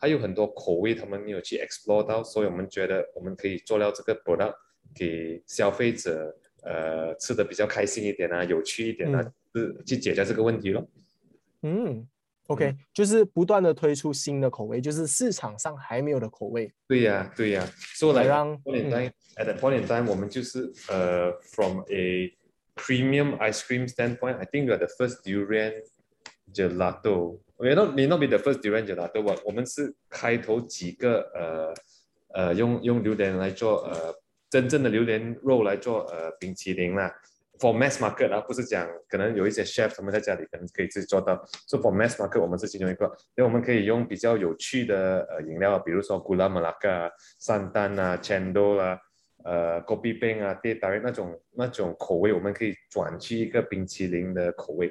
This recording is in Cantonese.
還有很多口味，他們沒有去 explore 到，所以我們覺得我們可以做到這個 product，給消費者，呃，吃的比較開心一點啊，有趣一點啊，是、嗯、去解決這個問題咯。嗯，OK，嗯就是不斷的推出新的口味，就是市場上還沒有的口味。對呀、啊、對呀、啊，所以來。在、like, 那、嗯、point at a point in time，我們就是，呃、uh,，from a premium ice cream standpoint，I think we are the first durian。就拉豆，may not may not be the first Durian 拉豆喎，我們是開頭幾個，呃，呃用用榴蓮來做，呃真正的榴蓮肉來做，呃冰淇淋啦，for mass market 啊，不是講可能有一些 chef，他們在家裏可能可以自己做到，so for mass market，我們是其中一個，因為我們可以用比較有趣的，呃飲料，比如說古拉馬拉卡啊、山丹啊、chendol 啦、呃咖啡冰啊、第二那種那種口味，我們可以轉去一個冰淇淋的口味。